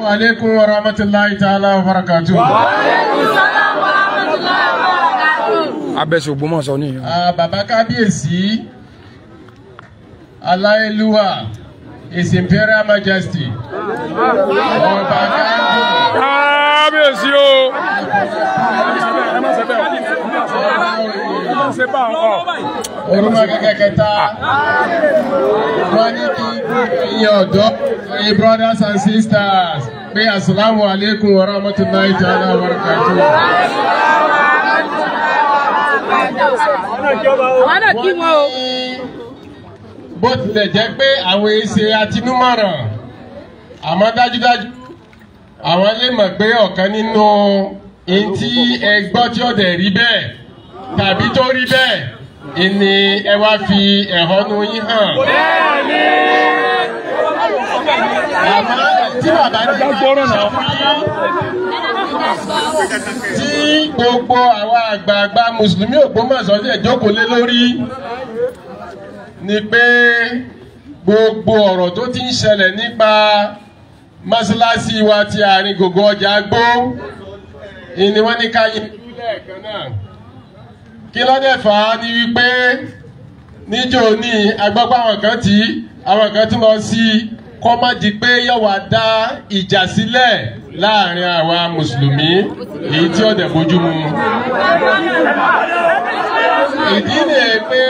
Wa alaikum wa rahmatullahi ta'ala wa barakatuh. Wa alaikum salam wa rahmatullahi wa barakatuh. Abẹ́sẹ̀ Ògbómọ̀ṣọ́ ni. Bàbá Kábíyèsí, Aláyélúwà, His Imperial Majesty. Ọba ṣe bá ọ. orúkọ kẹkẹ kẹta wọn ní kí ìyẹn ọ̀dọ́ ẹ̀yin brothers and sisters pé asalaamu aleykum wa rahmatulahi ta'ala wa barakatu. bó tilẹ̀ jẹ́ pé àwọn èsè àtinúmọ̀ràn àmọ́ dájúdájú àwọn lè mọ̀ pé ọ̀kan nínú ẹni tí ẹ gbọ́ tí ọ̀dẹ̀ rí bẹ́ẹ̀ tàbí tó rí bẹ́ẹ̀ ni ẹ wá fi ẹ̀hónú yín hàn. bẹ́ẹ̀ni. bàbá tí bàbá ní ìgbàgbọ́rọ̀ náà tí gbogbo àwọn àgbààgbà mùsùlùmí Ògbómọ̀ṣọ́ sì jókòó lé lórí ni pé gbogbo ọ̀rọ̀ tó ti ń ṣẹlẹ̀ nípa mọ́ṣáláṣí wa ti àárín gbogbo ọjà gbó ni ní ká yẹ lẹ́ẹ̀kan náà kí ló dé fà á ni wípé níjó ní agbọ́pọ̀ àwọn kan tí àwọn kan tí wọ́n sí kó má di pé yóò wá dá ìjà sílẹ̀ láàrin àwa mùsùlùmí èyí tí ó dẹ̀ bójú mu. ìdí nìyẹn pé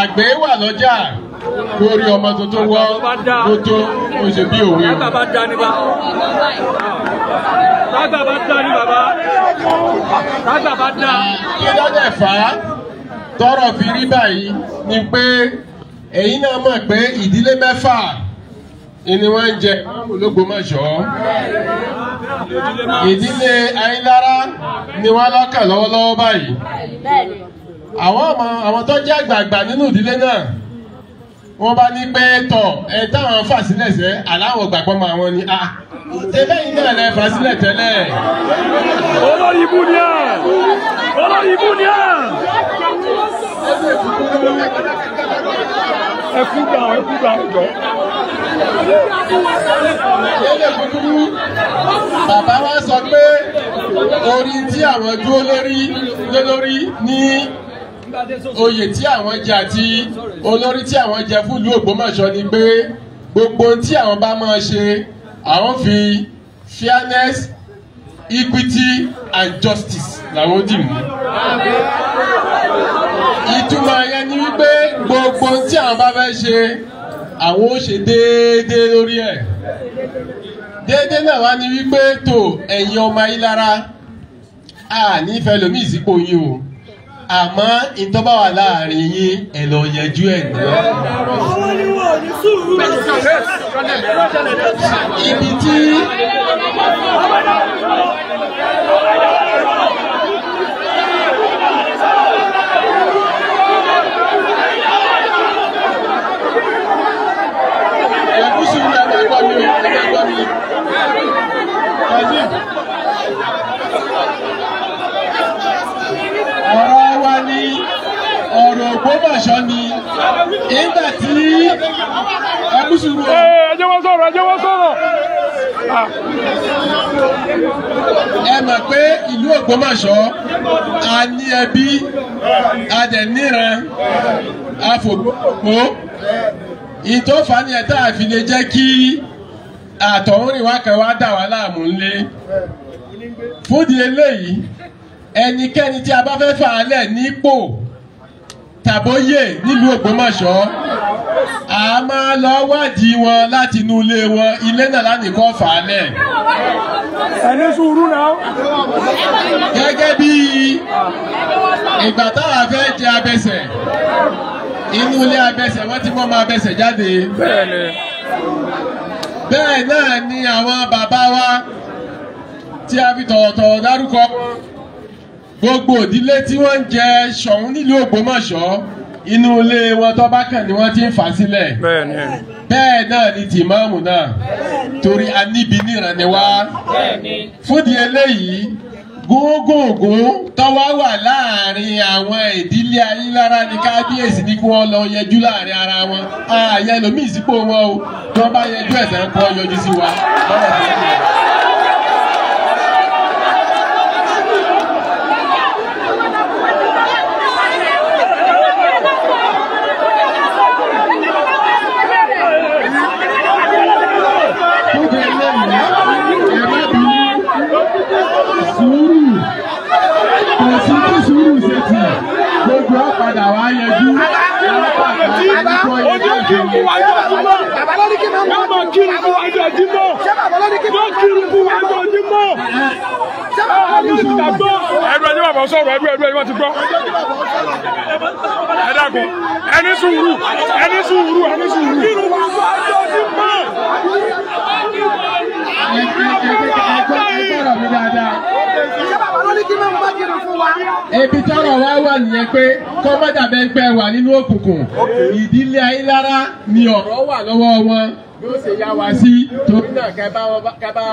àgbẹ̀ wà lọ́jà lórí ọmọ tuntun wá tó tó mo ṣe bí òwe. lágbà bá dá ní bàbá lágbà bá dá ní bàbá lágbà bá dá. kí ló dẹ̀ fà á tọrọ fi rí báyìí ni pé èyí náà mọ̀ pé ìdílé mẹ́fà ni wọ́n ń jẹ ológbòmọ̀ṣọ́ ìdílé Ayílára ni wọ́n lọ́kà lọ́wọ́lọ́wọ́ báyìí àwọn ọmọ àwọn tó jẹ́ àgbààgbà nínú ìdílé náà wọ́n bá ní pé tọ̀ ẹ táwọn fà sílẹ̀ sẹ́ aláwọ̀ gbàgbọ́ máa wọn ni a tẹ́lẹ̀ yìí náà lẹ fà sílẹ̀ tẹ́lẹ̀. olórí ibú ni à olórí ibú ni à. ẹ kú gbà ẹ kú gbà ẹ jọ. bàbá wa sọ pé orin tí àwọn dúró lórí lórí ní oyè tí àwọn jẹ àti olórí tí àwọn jẹ fún ìlú Ògbómọ̀ṣọ́ ni pé gbogbo tí àwọn bá máa ṣe àwọn fi fairness equity and justice làwọn dì mú ìtumọ̀ yẹn ni wípé gbogbo tí àwọn bá fẹ́ ṣe àwọn ó ṣe déédéé lórí ẹ̀ déédéé náà wá ni wípé tó ẹ̀yin ọmọ ayélujára a nífẹ̀ẹ́ lómi ìsìnkú yín o àmọ́ ìtọ́ba wà láàrin yín ẹ̀ lọ yanjú ẹ̀ ní. ibi tí. Ògbómọ̀ṣọ́ ni nígbà tí ẹkúṣùrù. ẹ ẹjẹ wọn sọ̀rọ̀ ẹjẹ wọn sọ̀rọ̀. ẹ mọ̀ pé ìlú Ògbómọ̀ṣọ́ a ní ẹbí a dẹ̀ níran a fògbó ìtòfàní ẹ̀ tá a fi lè jẹ́ kí àtọ̀húnrìn wa kan wá dà wá láàmú ńlẹ̀ fúdi eléyìí ẹnikẹ́ni tí a bá fẹ́ fà á lẹ̀ nípò ṣàbóyè nílùú Ògbómọ̀ṣọ́ a máa lọ wádìí wọn láti inú ilé wọn ilé náà lánìkan fà á lẹ̀. ẹni sùúrù náà. gẹ́gẹ́ bí ìgbà táwa fẹ́ jẹ abẹsẹ̀ inú ilé abẹsẹ̀ wọ́n ti mọ́ máa bẹsẹ̀ jáde. bẹ́ẹ̀ náà ni àwọn bàbá wa tí a fi tọ̀wọ̀tọ̀wọ̀ dárúkọ gbogbo ìdílé tí wọ́n ń jẹ Ṣọ̀ún nílùú Ògbómọ̀ṣọ́ inú ilé wọn tó bá kàn ni wọ́n ti ń fà sílẹ̀ bẹ́ẹ̀ náà ni tìmáàmù náà torí aníbi níran ni wá fúdi eléyìí gógógún tọ́wá wà láàrin àwọn ìdílé Ayílára ní kábíyèsí ní kí wọ́n lọ yẹjú láàrin ara wọn ààyè lomi ìsìnkú wọn o tí wọ́n bá yẹjú ẹ̀sán kọ́ yọjú sí wa lọ́wọ́ sí i. kiri fún wa ẹgbẹ́ ojúmọ́. Ẹ̀rọ ẹni bàbá sọ̀rọ̀ ẹ̀rọ ẹni wọ́n ti gbọ́. Ẹ dàgbọ́ ẹni sùúrù ẹni sùúrù ẹni sùúrù. Ebi tọrọ wa wà nìyẹn pé kọ́mọ́dà bẹ́ẹ̀ gbẹ wà nínú òkùnkùn. Ìdílé ayélára ni ọ̀rọ̀ wà lọ́wọ́ wọn yóò ṣe yá wa sí torí náà kẹ bá wa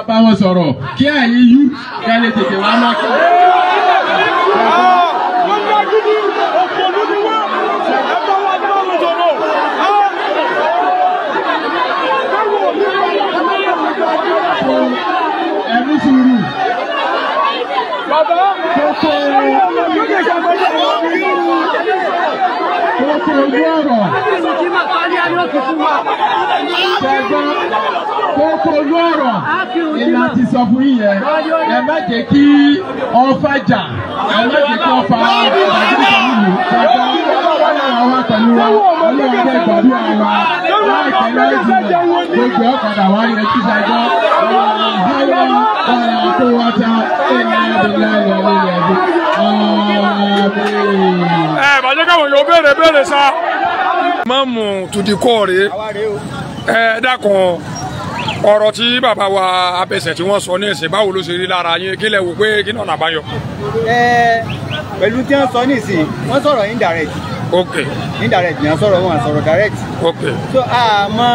bá wọn sọ̀rọ̀ kí ààyè yú kẹ lè tètè wá máa kí. ẹ̀mú sùúrù. Bàbá ṣẹgbọn kókó lọ́rọ̀ ìlà ti sọ fún yìí yẹn ẹ má jẹ́ kí ọfà jà ẹ má jẹ́ kí ọfà ẹ bàjẹ́ káwọn yóò béèrè béèrè sá. máàmù tùdíkọ́ rèé ẹ dákun ọ̀rọ̀ tí bàbá wa abẹsẹ̀ tí wọ́n sọ ní ìsìn báwo ló ṣe rí lára yín kí lẹ wò pé kí náà nàbáyọ. ẹ pẹ̀lú tí wọ́n sọ ní ìsìn wọ́n sọ̀rọ̀ indirect. ok indirect ni wọ́n sọ̀rọ̀ wọn sọ̀rọ̀ direct. ok so àmọ́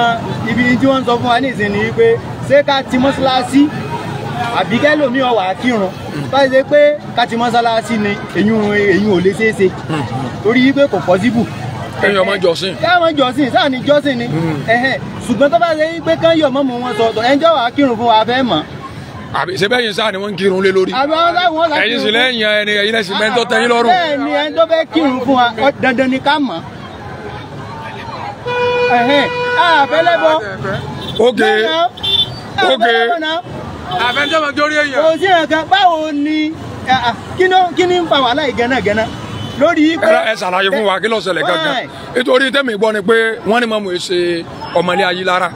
ibi tí wọ́n sọ fún wa ní ìsìn ni pé ṣé ká ti mọ́ṣáláṣí àbí kẹ́lòmíì ó wá kírun hmm. báyìí ṣe pé ká ti mọ́ṣáláṣí ni èyí ò lè ṣeé ṣe hmm, hmm. torí pé kò possible kẹ́yìn ọmọ jọ́sìn. kẹ́yìn ọmọ jọ́sìn sáà ni jọ́sìn ni hmm. ṣùgbọ́n tó bá ṣe yí pé kẹ́yìn ọmọ mọ wọn sọ̀tọ̀ ẹnjọ́ wàá kírun fún wa fẹ́ mọ̀. àbí ṣe bẹ́ẹ̀ yín sáà ni wọ́n ń kírun lé lórí. ẹ̀yin sì lẹ́yìn ẹni ẹ̀yin lẹ́sìn mẹ́tọ́ tẹ́yìn lọ́rùn. bẹ́ẹ̀ ni ẹni tó fẹ́ kírun fún wa dandan ni ká mọ̀. àfẹ́lẹ́bọ. ok ok àfẹ́ńtẹ́mọ̀ jórí èèyàn. kò sí ẹ̀ka báwo ni kí ni ń fa wàhálà ìgànnà lórí pé ẹ ṣàlàyé fún wa kí ló ṣẹlẹ̀ gangan nítorí tẹ́mi gbọ́ ni pé wọ́n ní mọ̀mọ́ ṣe ọmọlé ayé lára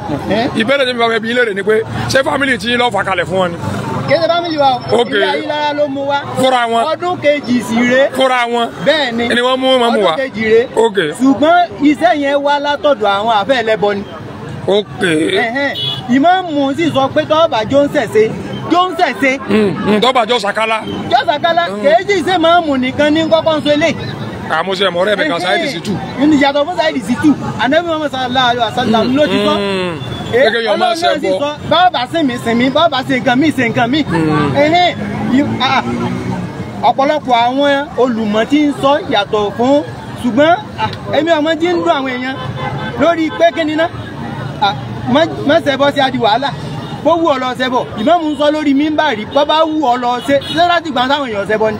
ìbéèrè tẹ́mi bá fẹ́ bi léèrè ni pé ṣé fámìlì tí lọ́ọ́ fà kalẹ̀ fún wọn ni. kéde fámìlì wa o ilé ayé lára ló mú wa fúnra wọn ọdún kejì sí re fúnra wọn bẹ́ẹ̀ ni ni wọ́n mú mọ̀mọ́ wa ọdún kejì re ṣùgbọ́n iṣẹ́ yẹn wá látọ̀dọ̀ àwọn àfẹ́ ẹlẹ́bọ ni. ok ìmọ̀ọ́mù sì sọ pé tọ́ọ̀bà jọ ń ṣẹ̀ṣe jọ́nsẹ̀ ṣe. ǹdọ́gba mm, mm, jọ́ sàkálà. jọ́ sàkálà mm. kèéjì ṣe máa ń mú nìkan ní kọ́kọ́ ń so ilé. àmúṣe mọ̀rẹ́ mi kan Saheed Shittu. ìyàtọ̀ fún Saheed Shittu ànábì Muhammad sallallahu alaihi wasallam ló ti sọ. Eh, gẹ́gẹ́ yọ̀ máa ṣe bọ́. bọ́ọ̀bà sí mi sìn mi bọ́ọ̀bà sí nǹkan mi sìn nǹkan mi ah, ah. ọ̀pọ̀lọpọ̀ àwọn olùmọ̀ tí ń sọ yàtọ̀ fún ṣùgbọ́n èmi ah, ọmọ jí ń dún àwọn èèyàn lórí pé kí ni ná má ṣẹbọ sí adi wàhálà bó wù ọ lọ ṣẹbọ ìmáàmù ń sọ lórí mímbàrí bó bá wù ọ lọ ṣe ṣe láti gbà táwọn èèyàn ṣẹbọ ni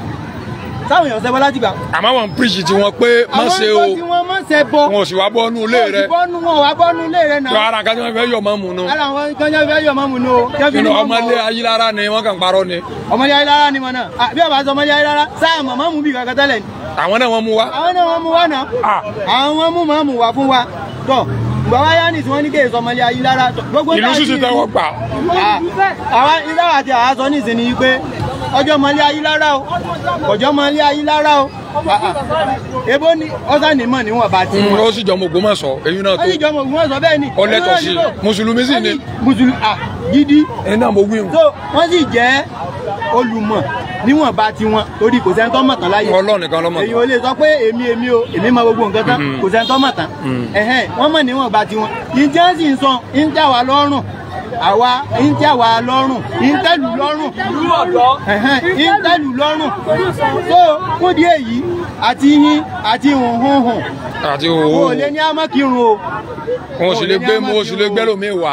táwọn èèyàn ṣẹbọ láti gbà. àmọ́ wọn píríṣì tí wọ́n pé má ṣe o wọ́n ṣe bọ wọn ò sì wá bọ́nú ilé rẹ wọn ò wá bọ́nú ilé rẹ náà. ara kan fẹ́ yọ̀ mọ́ mu nù. ara wọn fẹ́ yọ̀ mọ́ mu nù o. inú ọmọdé ayélujára ni wọ́n kàn parọ́ ni. ọmọdé ayélujára ni wọn náà bí ọba sọ ọmọdé ayélujára sáà màmá mu bí kankan tẹ́lẹ̀ ni. àwọn náà wọ́n mú wa. àwọn náà wọ́n mú wa náà. àwọn mú màmú bàbá yanis wọn ní kéèyàn sọmọlé ayé lára gbogbo ìlú sì ti tẹ́wọ́ gbà. Ah, àwa ilé àti àásọ nìsín ni pé ọjọ́ mọlé ayé lára o ọjọ́ mọlé ayé lára o ah, ah. ebo ni ọsàn ni mọ níwọn bá ti. Mm, ó sì jọmọ Ògbómọ̀ṣọ́ eyín náà tó. ó sì jọmọ Ògbómọ̀ṣọ́ bẹ́ẹ̀ ni. ọlẹtọ sí mùsùlùmí sì ni. mùsùlùmí gidi. ẹni náà mo wí o. so wọn sì jẹ olùmọ̀ níwọ̀nba tiwọn torí kò sẹ́ńtọ́ mọ̀ tán láyé Ọlọ́run nìkan ló mọ̀ tán èyí ò lè sọ pé èmi èmi o èmi mọ gbogbo nǹkan tán mm-hmm. kò sẹ́ńtọ́ mọ̀ tán mm. wọ́n mọ̀ níwọ̀nba tiwọn ìjẹ́ sì ń sọ ń jà wá lọ́rùn àwa ń jà wá lọ́rùn ń tẹ̀lù lọ́rùn ń tẹ̀lù lọ́rùn tó fún díẹ̀ yìí àti yín àti hùhùn àti òwò wọn ò lè ní amákirun o wọn ò sì lè gbé o wá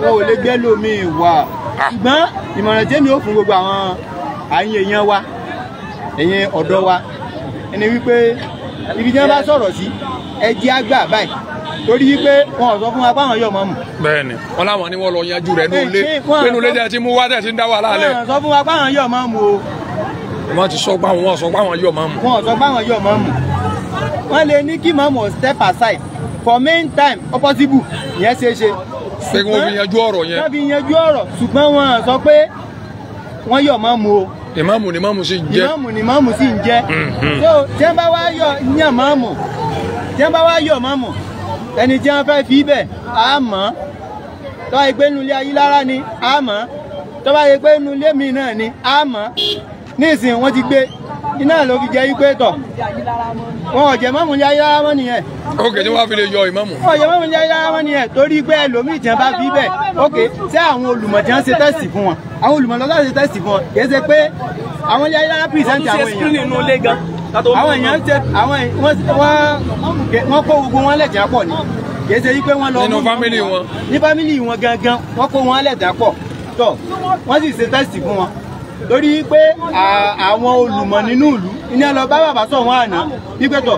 wọn ò lè gbé lómi wá ṣùgbọ́n ìmọ̀ràn tèmi ó fún gbogbo àwọn àyìn èèyàn wa ẹ̀yin ọ̀dọ́ wa ẹni wípé ibi tí wọ́n bá sọ̀rọ̀ sí ẹ àgbà báyìí torí wípé wọn ò sọ fún wa pé yóò mọ̀ mọ̀. bẹ́ẹ̀ni wọn làwọn ni wọn lọ yanjú rẹ nílé nínú ilé eh, eh, tẹ ti mú wá tẹ ń dá wàhálà lẹ. wọn ò sọ fún wa pé yóò mọ̀ mọ̀ o. wọn ti sọ pé àwọn wọn sọ yóò mọ̀ mọ̀. wọn ò sọ pé yóò mọ̀ mọ̀. wọn lè ní kí mọ̀mọ̀ step aside for main time ó possible ṣeé ṣe ṣùgbọ́n wọ́n fi yanjú ọ̀rọ̀ yẹn. wọ́n fi yanjú ọ̀rọ̀ ṣùgbọ́n wọ́n sọ pé wọ́n yọ̀ máa o. ìmáàmù ni máàmù sì ń jẹ́. ìmáàmù ni máàmù sì ń jẹ́. Mhm. so tí wọ́n bá wá yọ yan máàmù tí wọ́n bá wá yọ máàmù ẹni tí wọ́n fẹ́ fi bẹ̀ á mọ̀ tó bá yẹ pé nulẹ̀ ayílára ni á mọ̀ tó bá yẹ pé nulẹ̀ mi náà ni á mọ̀ nísìnyí wọ́n ti gbé iná ló fi jẹ́ ipe tọ̀ wọn ò jẹ́ mọ́mú ní ayélujára mọ́ nìyẹn. ok tí wọ́n fi lè yọ ìmọ̀mù. wọn ò jẹ́ mọ́mú ní ayélujára mọ́ nìyẹn torí pé ẹlòmíì tí wọ́n bá fi bẹ́ẹ̀ ok ṣé àwọn olùmọ̀ tí wọ́n ṣe tẹ́sì fún wọn àwọn olùmọ̀ lọ́sà ṣe tẹ́sì fún wọn kì í ṣe pé àwọn ní ayélujára pìrìsẹ́ntì àwọn èèyàn àwọn èèyàn ṣe àwọn wọ́n kó gbogbo wọn lẹ́jà pọ̀ ni kì í ṣe wípé wọ́n lọ mú ní fámìlì wọn gangan wọ́n kó wọn lẹ́jà pọ̀ tọ̀ wọ́n sì ṣe tẹ́sì fún wọn torí pé àwọn olùmọ̀ nínú ìlú iná lọ bá bàbá wọn àná wípé tọ̀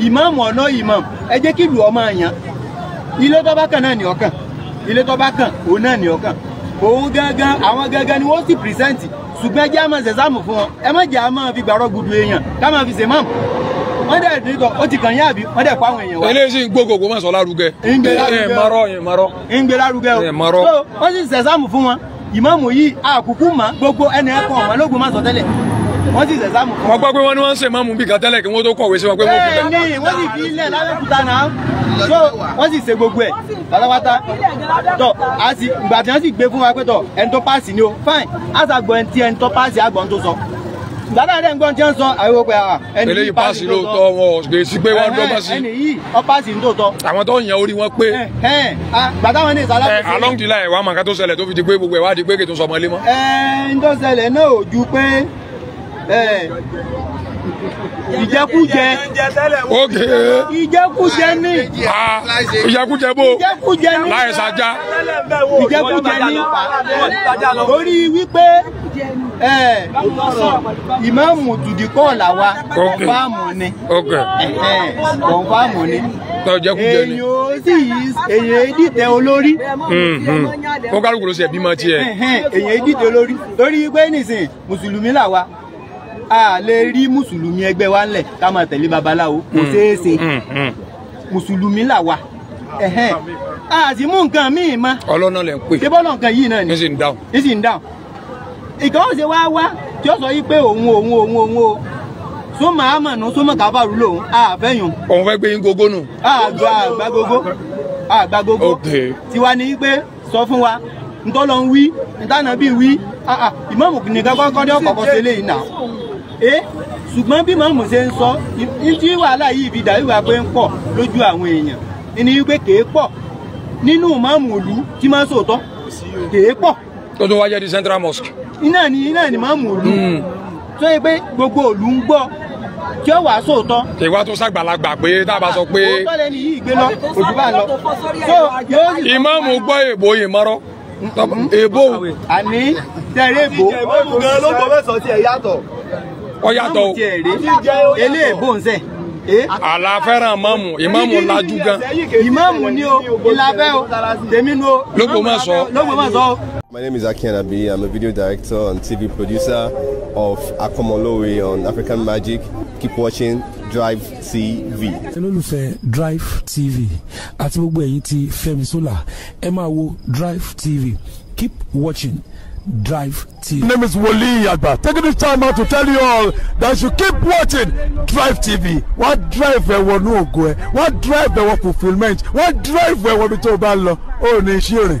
ọ̀nà ìmáàmù ẹ jẹ́ kí ìlú ọmọ àyàn ilé tó bá kàn náà ní ọkàn ilé tó bá kàn òun náà ní ọkàn òun gangan àwọn gangan ni wọ́n sì pìrìsẹ́ǹtì ṣùgbọ́n ẹ jẹ́ àmọ́ ṣẹ̀sáàmù fún wọn ẹ má jẹ́ fi gudu èèyàn ká fi ṣe wọ́n dẹ̀ ní kọ́ ó ti kàn yín àbí wọ́n dẹ̀ àwọn èèyàn wá. eléyìí sì ń mọ̀sán lárugẹ. ìmáàmù yìí àkùkù mọ́ gbogbo ẹni ẹ̀kọ́ ọ̀mọ́ lógun máa sọ tẹ́lẹ̀ wọ́n sì ṣẹ̀ṣá mú. gbọ́ pé wọ́n ní wọ́n ń ṣe ìmáàmù bí kan kí wọ́n tó kọ̀wé sí wọn pé wọ́n fi lẹ̀. wọ́n sì fi ilẹ̀ lábẹ́kúta náà wọ́n sì ṣe gbogbo ẹ̀ pátápátá tọ́ àti ìgbà tí wọ́n sì gbé fún wa pé tọ́ ẹni tó páàsì ni o fine àṣà gbọ́ ẹni tó páàsì àgbọ̀n tó sọ dáadáa dẹ̀ ń ń sọ àríwó pé ah, ẹni yìí páàsì lóòótọ́ wọn ò pé wọ́n ń dọ́gbọ́n ẹni yìí ọ páàsì ń tòótọ́. àwọn tó ń yan orí wọn pé. bàtà wọn ní ìsàlá tó ṣe. along the line wàá mọ tó ṣẹlẹ̀ tó fi di pé gbogbo ẹ̀ wá di pé kì í tún sọmọ ilé mọ́. ń tó ṣẹlẹ̀ náà ò ju pé ìjẹkújẹ oge ìjẹkújẹ ní ìjẹkújẹ bó ìjẹkújẹ ní láyé sájà ìjẹkújẹ ní lórí wípé ìmáàmù tùdíkọ́ làwa kọ̀ǹfàmù ni kọ̀ǹfàmù ni tọ́jẹ́ kú jẹ́ ni. èyàn ó sì èyàn ìdìtẹ̀ olórí. ó mhm. kálukú ló ṣe ẹ̀bí mọ́ tiẹ̀. èyàn ìdìtẹ̀ olórí torí pé nìsín mùsùlùmí làwa a lè rí mùsùlùmí ẹgbẹ́ wa ńlẹ̀ ká máa tẹ̀lé babaláwo kò mhm. ṣeé ṣe mhm. mùsùlùmí làwa a sì mú nǹkan míì mọ́. ọlọ́nà lè ń pè. ṣé bọ́lọ̀ nǹkan yìí náà ni. ní sì ń dáhùn. ní sì ń dáhùn. ìkàwọ́ ṣe wá wá tí ó sọ yí pé òun òun o súnmọ́ àmọ̀nù súnmọ́ kábàrú lòun àfẹ́yùn. òun fẹ́ gbé yín gógó nù. àgbà àgbà gógó àgbà gógó tiwa ni pé sọ fún wa ntọ́lọ ń wí ntànà bíi wí ìmọ̀mù nìkan kọ́kọ́ ní ọkọ̀ ṣe lè nà é ṣùgbọ́n bí mọ̀mù ṣe ń sọ tí wàhálà yìí fi dàbí wà pé ń pọ̀ lójú àwọn èèyàn ni pé kèé pọ̀ nínú mọ̀mù ìlú tí máa ń sòótọ́ kèé pọ̀. tó tún central mosque. iná ni iná ni máa mú òlu hmm. tó yẹ pé gbogbo òlu ń gbọ́ tí ó wà sóòótọ́. ìwà tó ṣàgbàlagbà pé tá a bá sọ pé. òótọ́ lọ òjú gbọ́ èbó ìmọ̀rọ̀ èbó. àní tẹ̀lé èbó. ìmáàmù gan ló gbọ́ mẹ́sàn tiẹ̀ yàtọ̀. ó yàtọ̀ o. ilé èbó ń sẹ̀. àlàfẹ́ràn ìmáàmù ìmáàmù lajú gan. ìmáàmù ni o ìlàfẹ́ o tèmi nu o. lóko má sọ. My name is Aki Anabi. I'm a video director and TV producer of Akomolowe on African Magic. Keep watching Drive TV. olólùfẹ́ Drive TV àti gbogbo ẹ̀yin tí Fẹ́mi Sola ẹ máa wo Drive TV keep watching Drive TV. My name is Wole Yagba taking this time out to tell you all that you keep watching Drive TV wá drive ẹ̀wọ̀ ní ògo ẹ̀ wá drive ẹ̀wọ̀ fulfilment wá drive ẹ̀wọ̀ bí tó o bá lọ ó ní iṣẹ́